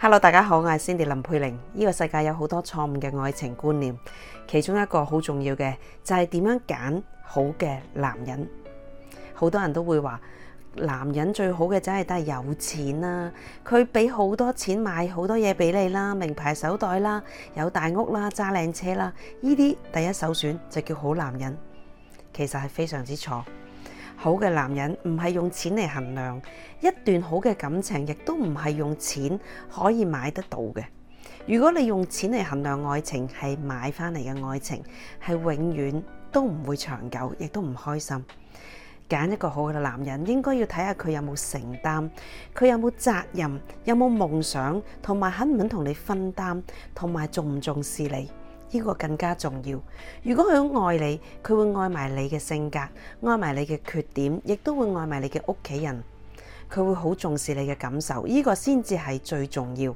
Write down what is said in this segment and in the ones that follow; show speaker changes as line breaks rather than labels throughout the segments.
Hello，大家好，我係 Cindy 林佩玲。呢個世界有好多錯誤嘅愛情觀念，其中一個好重要嘅就係點樣揀好嘅男人。好多人都會話男人最好嘅就係有錢啦、啊，佢俾好多錢買好多嘢俾你啦、啊，名牌手袋啦、啊，有大屋啦、啊，揸靚車啦、啊，呢啲第一首選就叫好男人，其實係非常之錯。好嘅男人唔係用錢嚟衡量，一段好嘅感情亦都唔係用錢可以買得到嘅。如果你用錢嚟衡量愛情，係買翻嚟嘅愛情，係永遠都唔會長久，亦都唔開心。揀一個好嘅男人，應該要睇下佢有冇承擔，佢有冇責任，有冇夢想，同埋肯唔肯同你分擔，同埋重唔重視你。呢個更加重要。如果佢好愛你，佢會愛埋你嘅性格，愛埋你嘅缺點，亦都會愛埋你嘅屋企人。佢會好重視你嘅感受，呢個先至係最重要。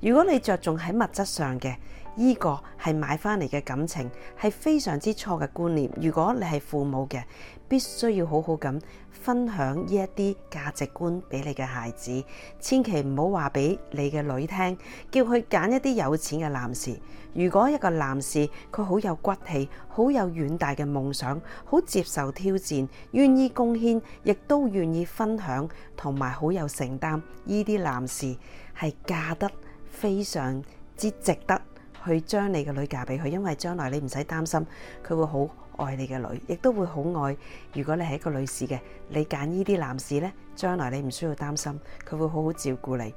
如果你着重喺物質上嘅，呢個係買翻嚟嘅感情，係非常之錯嘅觀念。如果你係父母嘅，必須要好好咁分享呢一啲價值觀俾你嘅孩子，千祈唔好話俾你嘅女聽，叫佢揀一啲有錢嘅男士。如果一個男士佢好有骨氣、好有遠大嘅夢想、好接受挑戰、願意貢獻，亦都願意分享，同埋好有承擔，呢啲男士係嫁得非常之值得。去將你嘅女嫁俾佢，因為將來你唔使擔心，佢會好愛你嘅女，亦都會好愛。如果你係一個女士嘅，你揀呢啲男士呢，將來你唔需要擔心，佢會好好照顧你。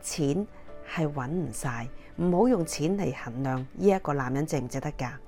錢係揾唔晒，唔好用錢嚟衡量呢一個男人值唔值得嫁。